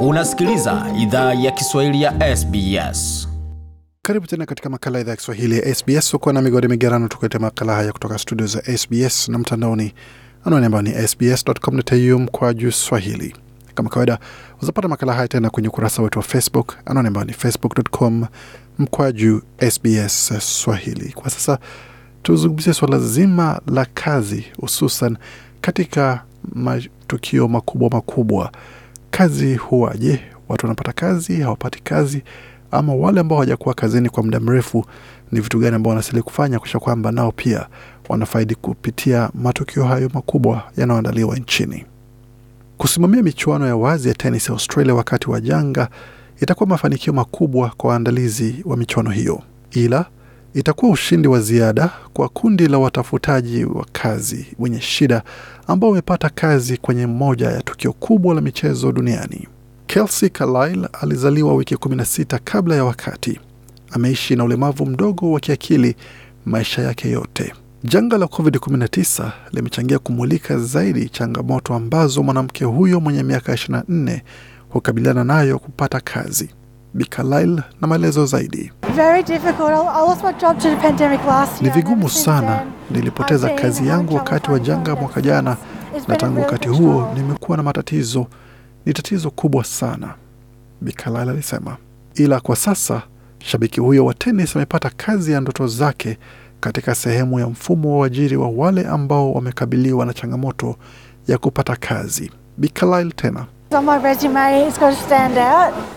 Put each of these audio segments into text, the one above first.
Unasikiliza idhaa ya Kiswahili ya SBS. Karibu tena katika makala idhaa ya Kiswahili ya SBS huko na migodi migerano, tukulete makala haya kutoka studio za SBS na mtandaoni, anwani ambayo ni sbs.com.au kwa juu swahili. Kama kawaida, uzapata makala haya tena kwenye ukurasa wetu wa Facebook, anwani ambayo ni facebook.com mkwaju SBS Swahili. Kwa sasa tuzungumzie swala zima la kazi, hususan katika matukio makubwa makubwa kazi huwa je, watu wanapata kazi, hawapati kazi, ama wale ambao hawajakuwa kazini kwa muda mrefu, ni vitu gani ambao wanastahili kufanya kisha kwamba nao pia wanafaidi kupitia matukio hayo makubwa yanayoandaliwa nchini. Kusimamia michuano ya wazi ya tenis ya Australia wakati wa janga itakuwa mafanikio makubwa kwa waandalizi wa michuano hiyo, ila itakuwa ushindi wa ziada kwa kundi la watafutaji wa kazi wenye shida ambao wamepata kazi kwenye moja ya tukio kubwa la michezo duniani. Kelsey Carlisle alizaliwa wiki 16 kabla ya wakati. Ameishi na ulemavu mdogo wa kiakili maisha yake yote. Janga la COVID-19 limechangia kumulika zaidi changamoto ambazo mwanamke huyo mwenye miaka 24 hukabiliana nayo kupata kazi. Bikalail na maelezo zaidi. Ni vigumu sana, nilipoteza kazi yangu wakati wa janga mwaka jana, na tangu wakati huo nimekuwa na matatizo. Ni tatizo kubwa sana, Bikalail alisema. Ila kwa sasa shabiki huyo wa tenis amepata kazi ya ndoto zake katika sehemu ya mfumo wa uajiri wa wale ambao wamekabiliwa na changamoto ya kupata kazi. Bikalail tena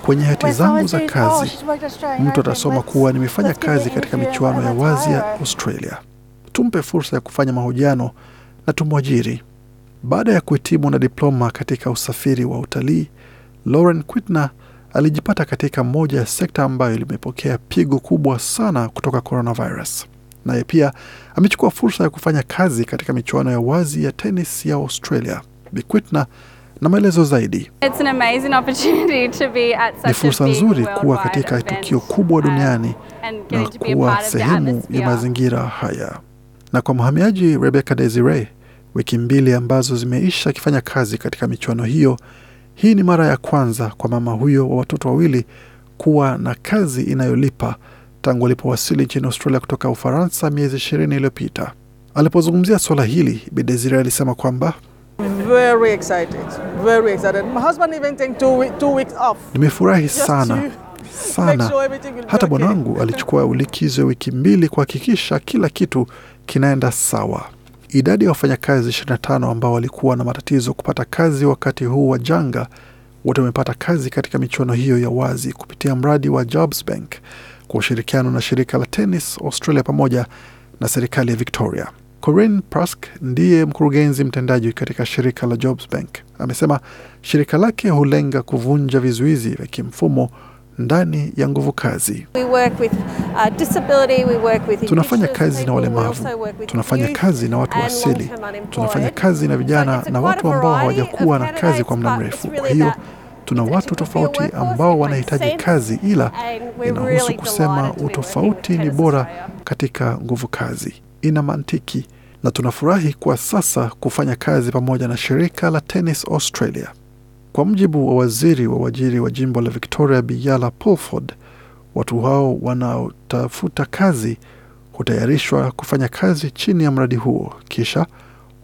Kwenye hati zangu za kazi oh, mtu atasoma kuwa nimefanya kazi katika michuano ya wazi ya Australia. Tumpe fursa ya kufanya mahojiano na tumwajiri. Baada ya kuhitimu na diploma katika usafiri wa utalii, Lauren Quitner alijipata katika moja ya sekta ambayo limepokea pigo kubwa sana kutoka coronavirus. Naye pia amechukua fursa ya kufanya kazi katika michuano ya wazi ya tenis ya Australia. Bi Quitner na maelezo zaidi. Ni fursa nzuri kuwa katika tukio kubwa um, duniani na kuwa sehemu ya mazingira haya. Na kwa mhamiaji Rebecca Desire, wiki mbili ambazo zimeisha akifanya kazi katika michuano hiyo, hii ni mara ya kwanza kwa mama huyo wa watoto wawili kuwa na kazi inayolipa tangu alipowasili nchini Australia kutoka Ufaransa miezi ishirini iliyopita. Alipozungumzia suala hili, Bidesire alisema kwamba very excited, very excited. My husband even took two, two weeks off. Nimefurahi sana sana sure hata bwanangu okay. alichukua ulikizo wiki mbili kuhakikisha kila kitu kinaenda sawa. Idadi ya wafanyakazi 25 ambao walikuwa na matatizo kupata kazi wakati huu wa janga wote wamepata kazi katika michuano hiyo ya wazi kupitia mradi wa Jobs Bank kwa ushirikiano na shirika la Tennis Australia pamoja na serikali ya Victoria. Corinne Prask ndiye mkurugenzi mtendaji katika shirika la Jobs Bank. Amesema shirika lake hulenga kuvunja vizuizi vya kimfumo ndani ya nguvu kazi. Uh, tunafanya kazi na walemavu, tunafanya kazi na watu wasili, tunafanya kazi na vijana na watu ambao hawajakuwa na kazi kwa muda mrefu. Kwa hiyo tuna watu tofauti ambao wanahitaji kazi, ila inahusu kusema utofauti ni bora katika nguvu kazi ina mantiki na tunafurahi kwa sasa kufanya kazi pamoja na shirika la Tennis Australia. Kwa mjibu wa waziri wa uajiri wa jimbo la Victoria Biyala Pulford, watu hao wanaotafuta kazi hutayarishwa kufanya kazi chini ya mradi huo, kisha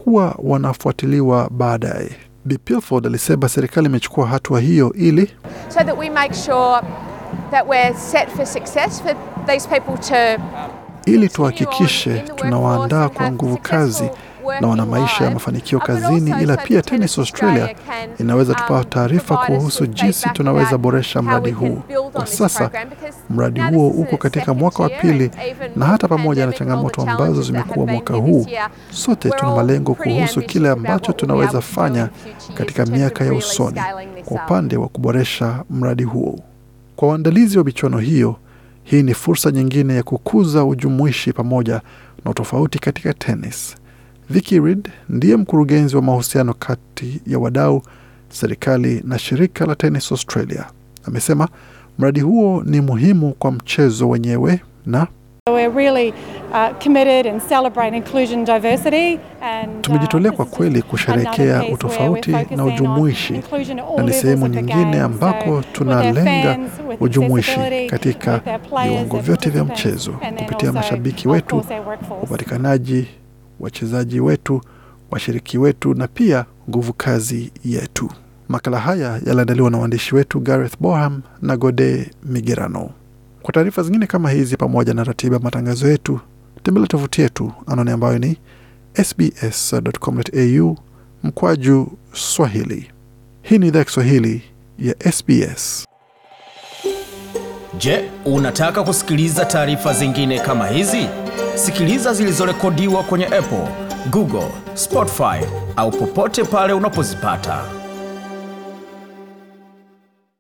huwa wanafuatiliwa baadaye. Bi alisema serikali imechukua hatua hiyo ili so that we make sure that we're set for success for these people to ili tuhakikishe tunawaandaa kwa nguvu kazi na wana maisha ya mafanikio kazini. Ila pia Tennis Australia inaweza tupa taarifa kuhusu jinsi tunaweza boresha mradi huu. Kwa sasa mradi huo uko katika mwaka wa pili, na hata pamoja na changamoto ambazo zimekuwa mwaka huu, sote tuna malengo kuhusu kile ambacho tunaweza fanya katika miaka ya usoni kwa upande wa kuboresha mradi huo. Kwa waandalizi wa michuano hiyo hii ni fursa nyingine ya kukuza ujumuishi pamoja na utofauti katika tenis. Vicky Reed ndiye mkurugenzi wa mahusiano kati ya wadau, serikali na shirika la Tennis Australia. Amesema mradi huo ni muhimu kwa mchezo wenyewe na Really, uh, uh, tumejitolea kwa kweli kusherehekea utofauti na ujumuishi, na ni sehemu nyingine ambako tunalenga ujumuishi katika viwango vyote vya mchezo kupitia mashabiki wetu, upatikanaji wachezaji wetu, washiriki wetu na pia nguvu kazi yetu. Makala haya yaliandaliwa na waandishi wetu Gareth Boham na Gode Migerano. Kwa taarifa zingine kama hizi pamoja na ratiba matangazo yetu, tembelea tovuti yetu anaone ambayo ni sbs.com.au mkwaju swahili. Hii ni idhaa ya Kiswahili ya SBS. Je, unataka kusikiliza taarifa zingine kama hizi? Sikiliza zilizorekodiwa kwenye Apple, Google, Spotify au popote pale unapozipata.